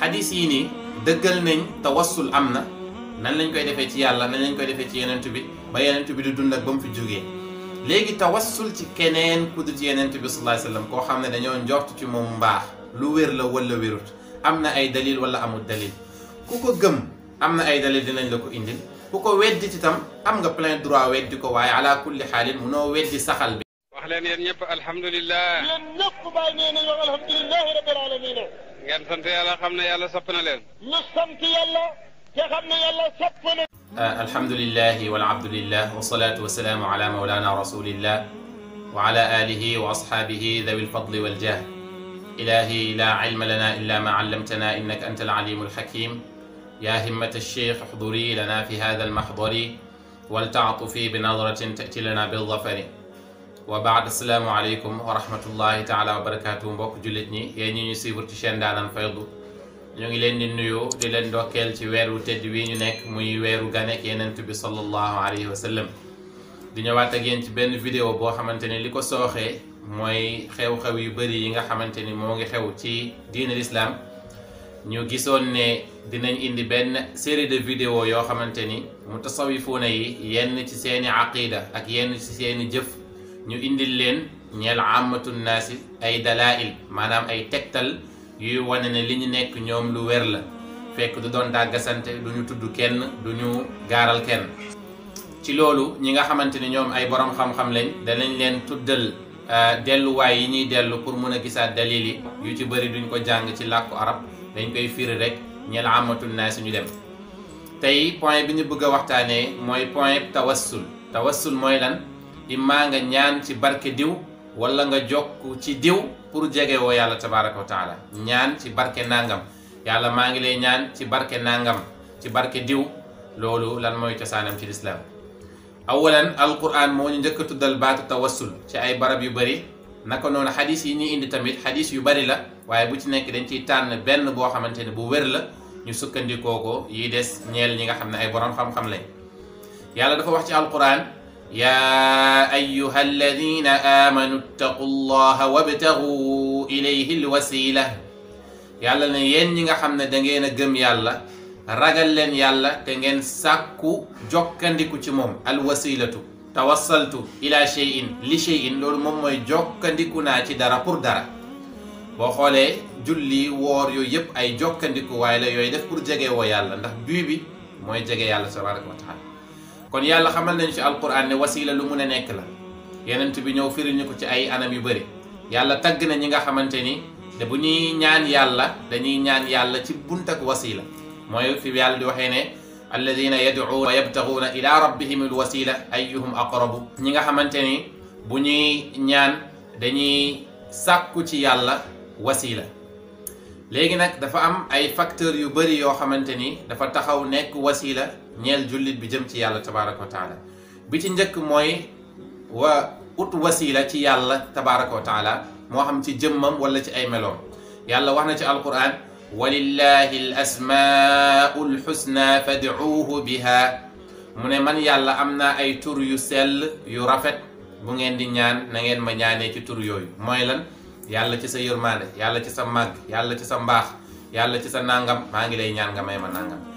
hadith yi ni deugal nañ tawassul amna nan lañ koy defé ci yàlla nan lañ koy defé ci yenen tubi ba yenen tubi du dund ak bam fi jógee légui tawassul ci keneen ku du ci yenent bi sallallahu alayhi wasallam ko xamné dañoo njort ci mom mbax lu wér la wala wérut amna ay dalil wala amul dalil ku ko gëm amna ay dalil dinañ la ko indil ku ko weddi ci tam am nga plein droit weddi ko waye ala kulli halin xaalin no weddi saxal bi wax leen yéen ñëpp alhamdulillah yéen ñëpp bay neena yo wax rabbil alamin ngeen sant yàlla xam ne yàlla sopp na leen. ñu sant yàlla te الحمد لله والعبد لله والصلاة والسلام على مولانا رسول الله وعلى آله وأصحابه ذوي الفضل والجاه إلهي لا علم لنا إلا ما علمتنا إنك أنت العليم الحكيم يا همة الشيخ احضري لنا في هذا المحضر ولتعطفي بنظرة تأتي لنا بالظفر وبعد السلام عليكم ورحمة الله تعالى وبركاته مبوك جلتني يعني نسي برتشان دانان فيضو نيوغي لين نيو دي لين دو كيل تي ويرو تدويني نك مي ويرو غانك ينن تبي صلى الله عليه وسلم دي نيواتا جين تي بين فيديو بو حمانتني لكو سوخي موي خيو خيو يبري ينغ حمانتني موغي خيو تي دين الاسلام نيو جيسون ني دي نن اند بين سيري دي فيديو يو حمانتني متصوفوني ين تي سيني عقيدة اك ين تي سيني جف ñu indil leen ñeel amatu naasi ay dalail maanaam ay tegtal yuy wane ne li ñu nekk ñoom lu wér la fekk du doon dàggasante du ñu tudd kenn du ñu gaaral kenn ci loolu ñi nga xamante ni ñoom ay borom xam-xam lañ danañ leen tuddal euh, delluwaay yi ñuy dellu pour mun a gisaat yu ci bëri duñ ko jang ci arab dañ koy firi rek ñeel amatu naasi ñu dem tey point bi ñu bëgg a moy point tawassul tawassul mooy lan di manga ñaan ci barke diw wala nga jokku ci diw pour jege wo yalla tabaraka wa taala ñaan ci barke nangam yalla maa ngi lay ñaan ci barke nangam ci barke diw lolu lan mooy cosaanam ci lislaam awalan alquran mo ñu njëkk tuddal baatu tawassul ci ay barab yu bari naka non hadith yi ñuy indi tamit hadith yu bari la waye bu ci nekk dañ ci tan benn bo xamanteni bu wér la ñu sukkandi koko yi dess ñeel ñi nga xamne ay borom xam-xam lay yalla dafa wax ci alquran يا أيها الذين آمنوا اتقوا الله وابتغوا إليه الوسيلة yàlla ne yéen ñi nga xam ne da ngeen a gëm yàlla ragal leen yàlla te ngeen sàkku jokkandiku ci moom alwasilatu tawassaltu ila shay'in li shay'in loolu moom mooy jokkandiku naa ci dara pour dara boo xoolee julli woor yooyu yëpp ay jokkandiku waaye la yooyu def pour jege woo yàlla ndax bii bi mooy jege yàlla tabaraka wa taala kon yàlla xamal nañu ci alquran ne wasila lu mun a nekk la yenent bi ñëw firi ñu ko ci ay anam yu bëri yàlla tagg na ñi nga xamante ni te bu ñuy ñaan yàlla dañuy ñaan yàlla ci bunt ak wasila mooy fi yàlla di waxee ne alladina yad'uuna wa yabtaxuuna ila rabbihim alwasila ayyuhum aqrabu ñi nga xamante ni bu ñuy ñaan dañuy sàkku ci yàlla wasila léegi nag dafa am ay facteurs yu bëri yoo xamante ni dafa taxaw nekk wasila ñeel jullit bi jëm ci yàlla tabaaraka wa bi ci njëkk mooy wa ut wasiila ci yàlla tabaaraka wa taala moo xam ci jëmmam wala ci ay meloom yàlla wax na ci alquran walillahi al asmaau lxusna fadcuuhu biha mu ne man yàlla am na ay tur yu sel yu rafet bu ngeen di ñaan na ngeen ma ñaanee ci tur yooyu mooy lan yàlla ci sa yërmaande yàlla ci sa màgg yàlla ci sa mbaax yàlla ci sa nàngam maa ngi lay ñaan nga may ma nàngam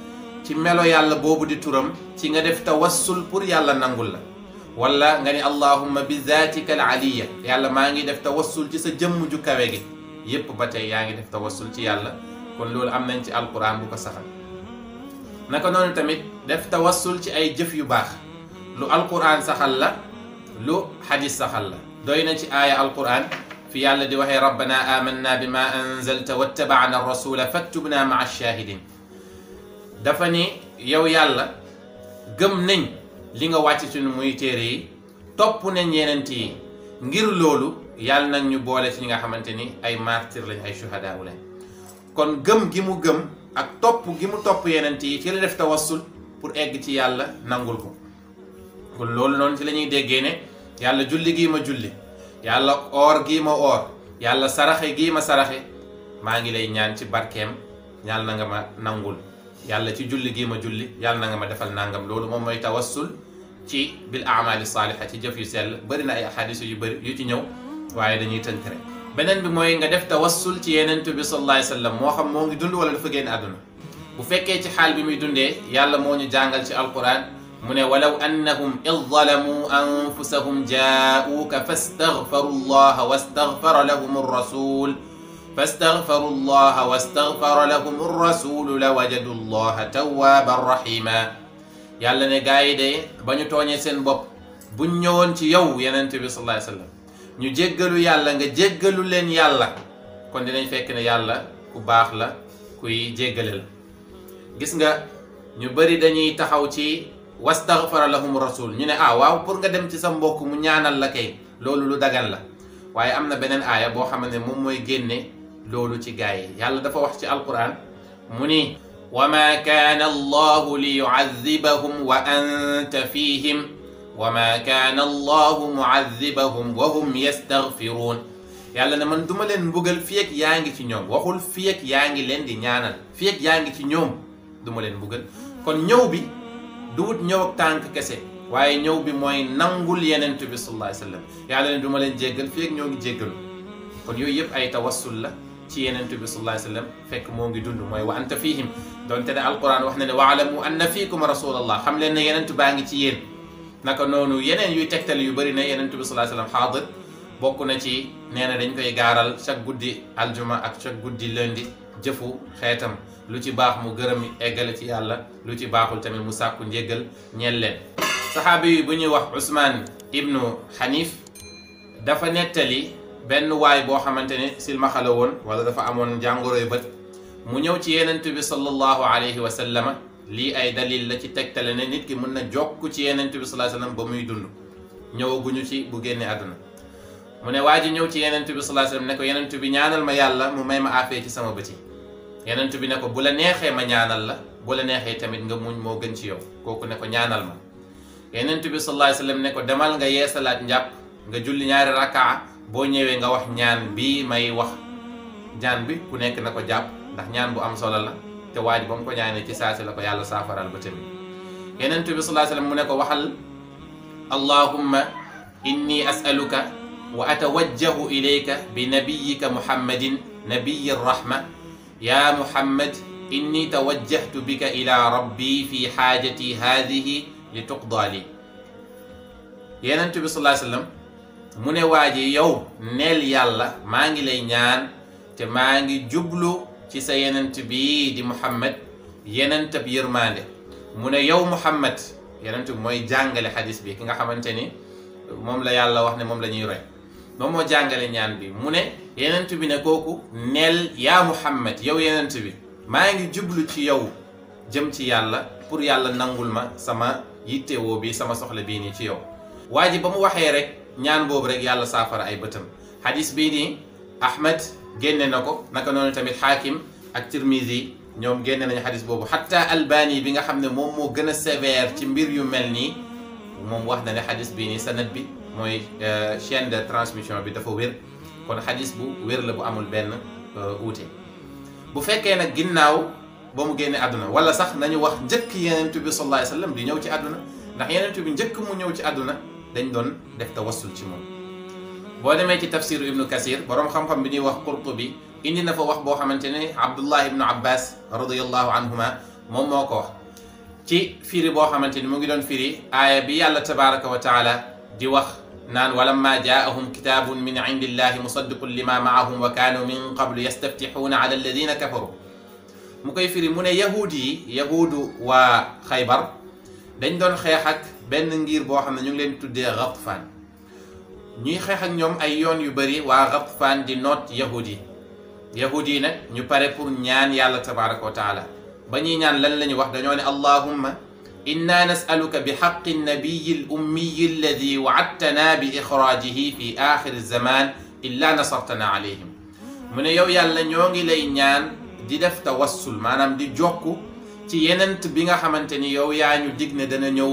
ci melo yàlla bobu di turam ci nga def tawassul pour yàlla nangul la wala nga ni allahumma bi zatikal aliyya yàlla ma ngi def tawassul ci sa jëm ju kawe gi yépp ba tey yaa ngi def tawassul ci yàlla kon lool am nañ ci alquran bu ko saxal naka non tamit def tawassul ci ay jëf yu bax lu alquran saxal la lu hadith saxal la doyna ci aya alquran fi yàlla di waxee rabbana amanna bima anzalta wattaba'na ar-rasula faktubna ma'a shahidin dafa ne yow yàlla gëm nañ li nga wàcc suñu muy téere yi topp nañ yenent yi ngir loolu yàlla nag ñu boole ci ñi nga xamante ni ay martyr lañ ay shuhadaa lañ kon gëm gi mu gëm ak topp gi mu topp yenent yi ci la def tawassul pour egg ci yàlla nangul ko kon loolu noonu ci lañuy ñuy déggee ne yàlla julli gii ma julli yàlla oor gi ma oor yàlla saraxe gii ma saraxe maa ngi lay ñaan ci barkeem ñaan na nga ma nangul yàlla ci julli gii ma julli yàlla na nga ma defal nangam loolu moom mooy tawassul ci bil amali saaliha ci jëf yu sell bëri na ay ahadis yu bëri yu ci ñëw waaye dañuy tënk rek beneen bi mooy nga def tawassul ci yenent bi sallallahu alayhi wasallam moo xam moo ngi dund wala dafa génn àdduna bu fekkee ci xaal bi muy dundee yàlla moo ñu jàngal ci alquran mu ne walaw annahum id zalamuu anfusahum jaa'uuka fastaghfaru allaha wastaghfara lahum ar rasul فاستغفروا الله واستغفر لهم الرسول لوجدوا الله توابا رحيما yàlla ne gaa yi de ba ñu tooñee seen bopp buñ ñëwoon ci yow yeneen bi sallallahu alayhi ñu jéggalu yàlla nga jéggalu leen yàlla kon dinañ fekk ne yàlla ku baax la kuy jéggale la gis nga ñu bari dañuy taxaw ci wastaghfara lahum rasul ñu ne ah waaw pour nga dem ci sa mbokk mu ñaanal la kay loolu lu dagal la waaye am na beneen aaya boo xam ne moom mooy génne لولو تي غاي يالا دا فا القران موني وما كان الله ليعذبهم وانت فيهم وما كان الله معذبهم وهم يستغفرون يالا نمان دوما لين بوغل فيك يانغي تي نيوم واخول فيك يانغي لين دي نيانال فيك يانغي تي نيوم دوما لين بوغل كون نيو بي دوت نيو تانك كسي waye ñew bi moy nangul yenen tabi sallallahu alayhi wasallam yalla ne duma len jéggal fi ak ñogi jéggal kon yoy yep ci yenentu bi sallallahu alayhi wa sallam fekk moo ngi dund mooy wa anta fihim donte ne alquran wax na ne waalamu anna fiikum rasulallah xam leen ne yenentu baa ngi ci yéen naka noonu yeneen yuy tegtal yu bëri ne yenentu bi sallallahu alayhi wa sallam xaadir bokk na ci nee na dañ koy gaaral chaque guddi aljuma ak chaque guddi lundi jëfu xeetam lu ci baax mu gërëm eggale ci yàlla lu ci baaxul tamit mu sàkku njéggal ñeel leen saxaabi yi bu ñuy wax Usmaan ibnu Xanif dafa nettali ben way bo xamantene silma xalawon wala dafa amoon jàngoroy bët mu ñëw ci yenent bi sallallahu alayhi wa sallam li ay dalil la ci tektale ne nit ki mën na jokk ci yenent bi sallallahu alayhi wa sallam ba muy dund ñëwaguñu ci bu génne aduna mu ne waji ñëw ci yenent bi sallallahu alayhi wa sallam ne ko yenent bi ñaanal ma yàlla mu may ma afé ci sama beuti yi bi ne ko bu la nexé ma ñaanal la bu la nexé tamit nga muñ mo gën ci yow koku ne ko ñaanal ma yenent bi sallallahu alayhi wa sallam ne ko demal nga yeesalaat njàpp nga julli ñaari rakaa bo ñewé nga wax ñaan bi may wax ñaan bi ku nekk na ko jàpp ndax ñaan bu am solo la te waji bam ko ñaané ci saasi la ko yàlla safaral ba tamit yenen tabi sallallahu alayhi wasallam mu ne ko waxal allahumma inni as'aluka wa atawajjahu ilayka bi nabiyyika muhammadin nabiyyi rahma ya muhammad inni tawajjahtu bika ila rabbi fi haajati haadihi li tuqdaa li yeneen bi sallallahu alayhi wasallam mu ne waa ji yow neel yàlla maa ngi lay ñaan te maa ngi jublu ci sa yenent bi di muhammad yenent ab yërmande mu ne yow muhammad yenent bi mooy jàngale xadis bi ki nga xamante ni moom la yàlla wax ne moom la ñuy roy moom moo jàngale ñaan bi mu ne yenent bi ne kooku neel yaa muhammad yow yenent bi maa ngi jublu ci yow jëm ci yàlla pour yàlla nangul ma sama yittewoo bi sama soxla bii nii ci yow waa ji ba mu waxee rek ñaan boobu rek yàlla saafara ay bëtam hadis bii nii ahmad génne na naka noonu tamit hakim ak tirmisi ñoom génne nañu hadis boobu hatta albani bi nga xam ne moom moo gën a sévère ci mbir yu mel nii wax na ne hadis bii nii sanad bi mooy chaîne de transmission bi dafa wér kon hadis bu wér la bu amul benn uute bu fekkee nag ginnaaw ba mu génne àdduna wala sax nañu wax njëkk yenentu sallallahu alayhi wasallam di ñëw ci àdduna ndax yenentu bi mu ñëw ci àdduna dañ doon def tawassul ci moom boo demee ci tafsiru ibnu kasir boroom xam-xam bi ñuy wax qurtubi indi na fa wax boo xamante ne abdullah ibnu abbas radiallahu anhuma moom moo ko wax ci firi boo xamante ni mu ngi doon firi aaya bi yàlla tabaraka wa taala di wax naan walamma jaahum kitaabun min indillahi musaddiqun lima maahum wa kaanu min qablu yastaftixuuna ala alladina kafaru mu koy firi mu ne yahuud yi yahuudu waa xaybar dañ doon xeex ak benn ngir boo xam ne ñu ngi leen tuddee Ghatfan ñuy xeex ak ñoom ay yoon yu bari waa Ghatfan di noot yahudi yahudi yahud nag ñu pare pour ñaan yàlla tabaraka wa taala ba ñuy ñaan lan la ñu wax dañoo ne allahumma inna nasaluka bi xaqi nabiyi al ummiyi alladi waadtana bi ixraajihi fi axiri zaman illa nasartana alayhim mu ne yow yàlla ñoo ngi lay ñaan di def tawassul maanaam di jokku ci yenent bi nga xamanteni yow yaa ñu dig dana ñëw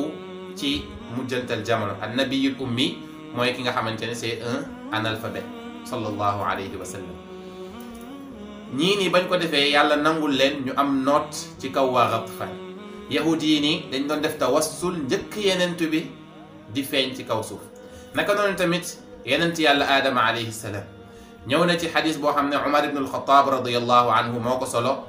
ci mujjantal jamono annabiyul ummi moy ki nga xamanteni c'est un analphabet sallallahu alayhi wa sallam ñii ni ni ban ko defé yàlla nangul len ñu am note ci kaw wa Ghatafan yahudi ni dañ doon def tawassul njëkk yenent bi di feñ ci kaw suuf naka non tamit yenent yàlla adam alayhi salam ñewna ci hadith bo xamne Umar ibn al-Khattab radiyallahu anhu moko solo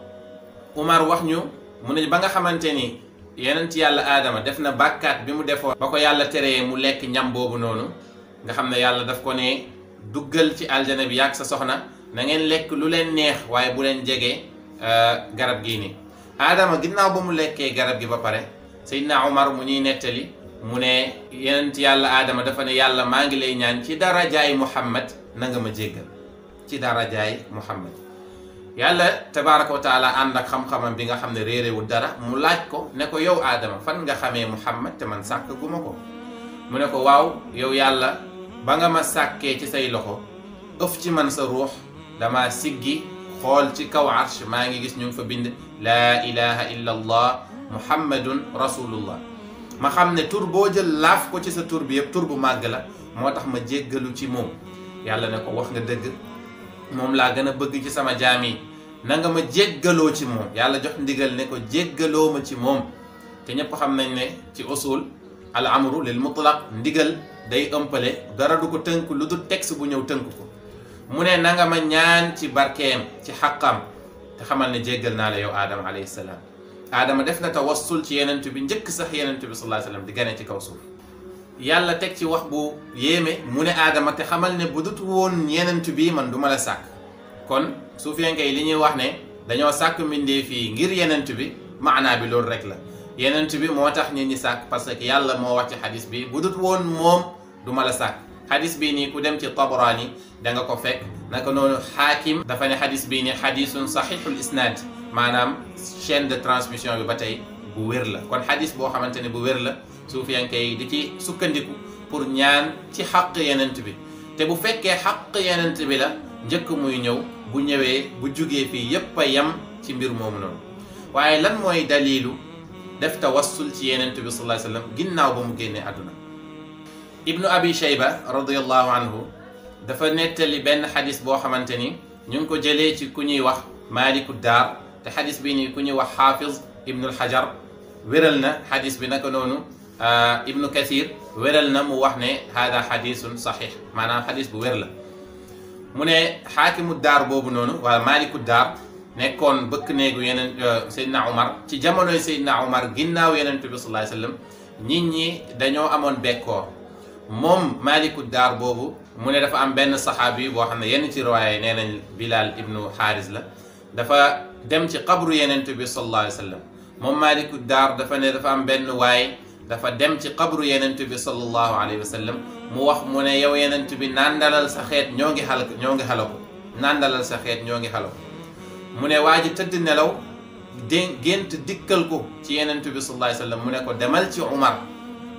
Umar wax ñu mu ne ba nga xamanteni yenent yàlla adama def na bakkat bi mu defo bako yàlla téré mu lek ñam bobu nonu nga xamne yàlla daf ko ne duggal ci aljana bi yak sa soxna na ngeen lek lu len neex waye bu leen jege garab gi ni adama ginnaw bu mu lekke garab gi ba pare Seydina Omar mu ñi netali mu ne yenent yàlla adama dafa ne yàlla ma ngi lay ñaan ci jaay Muhammad na nga ma jéggal ci jaay Muhammad yàlla tabaraka wa taala ànd xam xam bi nga xamne ne wu dara mu laaj ko ne ko yow aadama fan nga xame muhammad te man sàkk guma ko mu ne ko waw yow yàlla ba nga ma sakke ci say loxo ëf ci man sa ruh dama siggi xol ci kaw arsh ma ngi gis ñu fa bind la ilaha illa allah muhammadun rasulullah ma xamne ne tur boo jël laaf ko ci sa tur bi yeb tur bu màgg motax ma jéggalu ci mom yàlla ne ko wax nga deug moom laa gën a bëgg ci sama jaam yi na nga ma jéggaloo ci moom yàlla jox ndigal ne ko jéggaloo ma ci moom te ñëpp xam nañ ne ci usul al amru lil mutlaq ndigal day ëmpale dara du ko tënk lu dul texte bu ñëw tënk ko mu ne na nga ma ñaan ci barkeem ci xàqam te xamal ne jéggal naa la yow aadama alayhi salaam aadama def na tawassul ci yenent bi njëkk sax yenent bi sallallahu alayhi di gane ci kaw suuf yàlla teg ci wax bu yéeme mu ne aadama te xamal ne bu dut woon yenent bi man du ma la sàkk kon suufiyanke yi li ñuy wax ne dañoo sàkk mbindee fii ngir yenent bi maanaa bi loolu rek la yenent bi moo tax nit ñi sàkk parce que yàlla moo wax ci xadis bi bu dut woon moom du ma la sàkk xadis bii nii ku dem ci tabraani da nga ko fekk naka noonu xaakim dafa ne xadis bii nii xadisun saxiixul isnaad maanaam chaîne de transmission bi ba tey bu wér la kon xadis boo xamante ne bu wér la suufiyanke yi di ci sukkandiku pour ñaan ci xàq yenent bi te bu fekkee xàq yenent bi la njëkk muy ñëw bu ñëwee bu jugee fii yépp a yem ci mbir moomu noonu waaye lan mooy dalilu def tawassul ci yenent sula sallallahu alayhi wasallam ginnaaw ba mu génnee àdduna ibnu abi shayba radiyallahu anhu dafa nettali benn xadis boo xamante ni ñu ko jëlee ci ku ñuy wax maaliku daar te xadis bi nii ku ñuy wax xaafiz ibnul xajar wéral na xadis bi naka noonu ibnu kathir wéral na mu wax ne hada xadisun saxiix maanaam xadis bu wér la mu ne xaakimu daar boobu noonu wala maaliku daar nekkoon bëkk néegu yeneen Seydina Omar ci jamonoy Seydina Omar ginnaaw yenentu bi sallallahu alayhi wasallam nit ñi dañoo amoon bekkoor moom maaliku daar boobu mu ne dafa am benn saxaabi boo xam ne yenn ci riwaaya nee nañ Bilal ibnu Xaaris la dafa dem ci xabru yenentu bi sallallahu alayhi wasallam moom maaliku daar dafa ne dafa am benn waay dafa dem ci qabru yenent bi sallallahu alayhi wa sallam mu wax mu ne yow yenent bi nàndalal sa xet ñoo hal xal halako nàndalal sa xet ñoo halako mu ne waji tëdd nelaw gént dikkel ko ci yenent bi sallallahu alayhi wa sallam mu ne ko demal ci Umar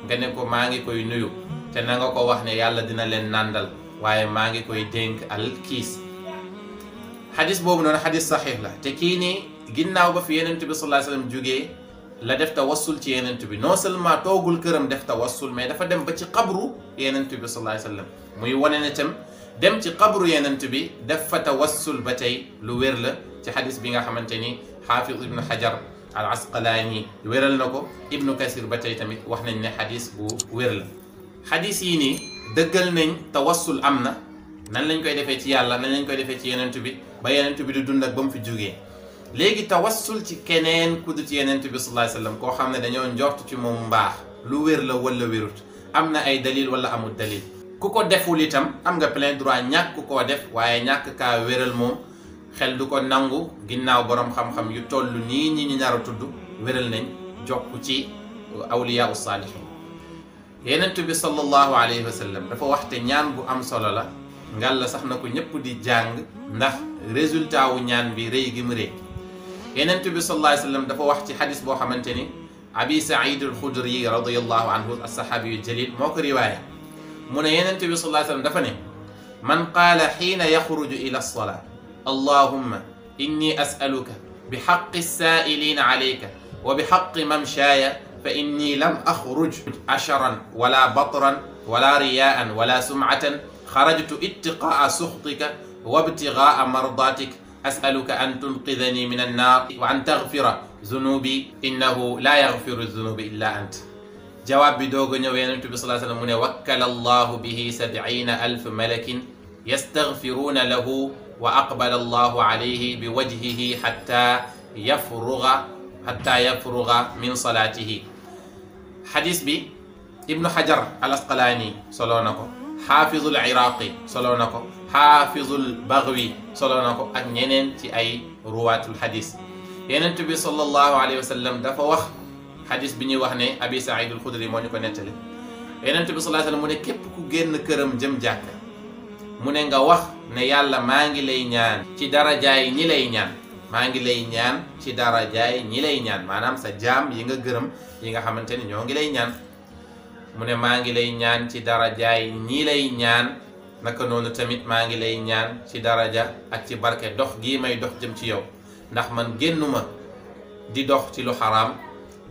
nga ne ko maangi koy nuyu te na nga ko wax ne yàlla dina len nàndal waye maangi koy dénk al kis hadith bobu non hadith sahih la te kii nii ginnaaw ba fi yenent bi sallallahu alayhi wa sallam jógee la def tawassul ci yenent bi non seulement toogul këram def tawassul mais dafa dem ba ci xabru yenent bi sallallahu alayhi wasallam muy wane ne tam dem ci xabru yenent bi def fa tawassul ba tey lu wér la ci xadis bi nga xamante ni xaafid ibn xajar al asqalaani wéral na ko ibnu kasir ba tey tamit wax nañ ne xadis bu wér la xadis yi nii dëggal nañ tawassul am na nan lañ koy defee ci yàlla nan lañ koy defee ci yenent bi ba yenent bi du dund ak ba mu fi jógee léegi tawassul ci keneen ku dut yenent bi sallallahu alayhi wasallam koo xam ne dañoo njort ci moom mbaax lu wér la wala wérut am na ay dalil wala amul dalil ku ko deful itam am nga plein droit ñàkk koo def waaye ñàkk kaa wéral moom xel du ko nangu ginnaaw boroom xam-xam yu toll nii ñi ñu nar a tudd wéral nañ jokk ci awliyaa saalihin yenent bi sallallahu alayhi wa sallam dafa waxte ñaan bu am solo la ngal la sax na ko ñëpp di jàng ndax résultat ñaan bi rëy gi ينتمي بس الله عليه وسلم دفع واحد حديث بوحة منتني أبي سعيد الخضري رضي الله عنه الصحابي الجليل موك رواية من ينتمي بس الله عليه وسلم دفني من قال حين يخرج إلى الصلاة اللهم إني أسألك بحق السائلين عليك وبحق ممشايا فإني لم أخرج أشرا ولا بطرا ولا رياء ولا سمعة خرجت اتقاء سخطك وابتغاء مرضاتك أسألك أن تنقذني من النار وأن تغفر ذنوبي إنه لا يغفر الذنوب إلا أنت جواب بدوغو نيو صلى الله عليه وسلم وكل الله به سبعين ألف ملك يستغفرون له وأقبل الله عليه بوجهه حتى يفرغ حتى يفرغ من صلاته حديث بي ابن حجر الأسقلاني وسلم حافظ العراقي وسلم Hafizul baghwi solo nako ak ñeneen ci ay ruwatul hadis yenente bi sallallahu alaihi wasallam dafa wax hadis bi ñuy wax ne abi saïd alxudri moo ñu ko nettali yenente bi sallallahu alaihi wasallam mu ne kep ku genn kërëm jëm jakk mu ne nga wax ne yalla maa ngi lay ñaan ci jaay ñi lay ñaan maa ngi lay ñaan ci jaay ñi lay ñaan manam sa jaam yi nga gërëm yi nga xamanteni ñoo ngi lay ñaan mu ne lay ñaan ci jaay ñi lay ñaan naka noonu tamit maa ngi lay ñaan ci daraja ak ci barke dox gii may dox jëm ci yow ndax man ma di dox ci lu xaraam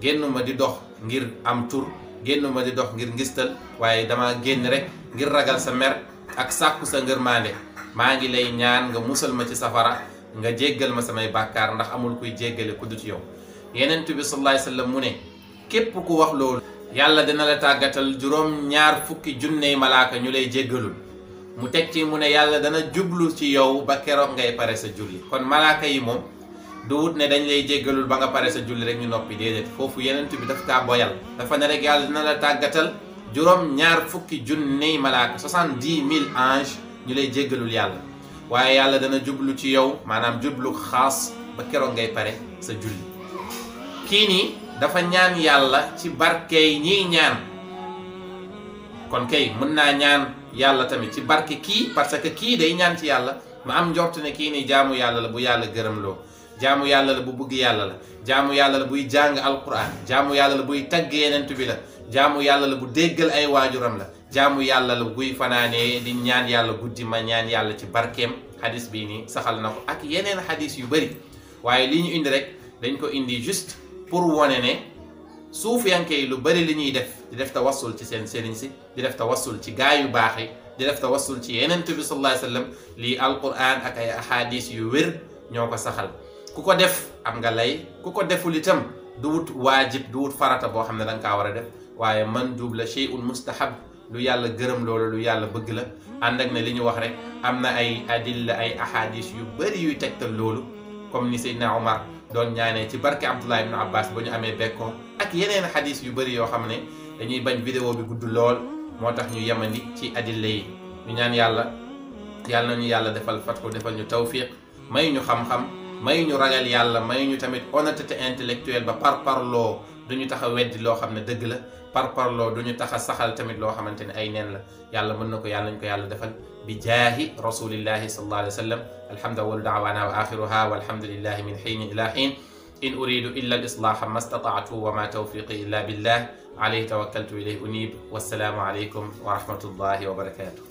génnuma di dox ngir am tur génnuma di dox ngir ngistal waaye dama génn rek ngir ragal sa mer ak sàkku sa ngërmaande maa ngi lay ñaan nga musal ma ci safara nga jéggal ma samay bàkkaar ndax amul kuy jéggale ku dut yow yenent bi sallallahu wasallam mu ne képp ku wax loolu yàlla dina la tàggatal juróom ñaar fukki junney malaaka ñu lay jéggalul mu tek ci mu ne yalla dana jublu ci yow ba ngay pare sa julli kon malaaka yi mom du wut ne dañ lay jéggalul ba nga pare sa julli rek ñu noppi déedéet foofu yenent bi daf kaa boyal dafa ne rek yalla dana la tagatal juróom ñaar fukki junniy malaaka soixante ange ñu lay yalla waye yalla dana jublu ci yow manam jublu khas, ba keroog ngay pare sa julli kini dafa ñaan yalla ci ñi ñaan kon kay mën na ñaan yàlla tamit ci barke kii parce que kii day ñaan ci yàlla ma am njort na kii nii jaamu yàlla la bu yàlla gërëmloo loo jaamu yàlla la bu bëgg yàlla la jaamu yàlla la buy jàng alquran jaamu yàlla la buy tagg yenent la jaamu yàlla la bu déggal ay waajuram la jaamu yàlla la buy fanaanee di ñaan yàlla guddi ma ñaan yàlla ci barkeem hadis bii nii saxal na ko ak yeneen hadis yu bëri waaye li ñu indi rek dañ ko indi juste pour wone ne suufiyanke yi lu bari li ñuy def di def tawassul ci seen sëriñ si di def tawassul ci gaa yu baax yi di def tawassul ci yeneen bi sallallahu alayhi wa sallam lii alquran ak ay ahadis yu wér ñoo ko saxal ku ko def am nga lay ku ko deful itam du wut waajib du wut farata boo xam ne da nga kaa war a def waaye man duub la shay'un mustahab lu yàlla gërëm loolu lu yàlla bëgg la ànd ak ne li ñu wax rek am na ay adilla ay ahadis yu bëri yuy tegtal loolu comme ni Seydina Omar doon ñaanee ci barke Abdullah ibn Abbas ba ñu amee bekkoon ak yeneen xadis yu bari yoo xam ne dañuy bañ vidéo bi gudd lool moo tax ñu yemandi ci adilla yi ñu ñaan yàlla yàlla nañu yàlla defal fatko defal ñu tawfiq may ñu xam-xam may ñu ragal yàlla may ñu tamit honnêteté intellectuelle ba par parloo duñu tax a weddi loo xam ne dëgg la par parloo duñu tax a saxal tamit loo xamante ne ay neen la yàlla mën na ko yàlla nañ ko yàlla defal bi jaahi rasulillahi sallallahu alayhi wa sallam alhamdu awwalu daawaana wa axiruha walhamdulillahi min xiin ila xiin إن أريد إلا الإصلاح ما استطعت وما توفيقي إلا بالله عليه توكلت إليه أنيب والسلام عليكم ورحمة الله وبركاته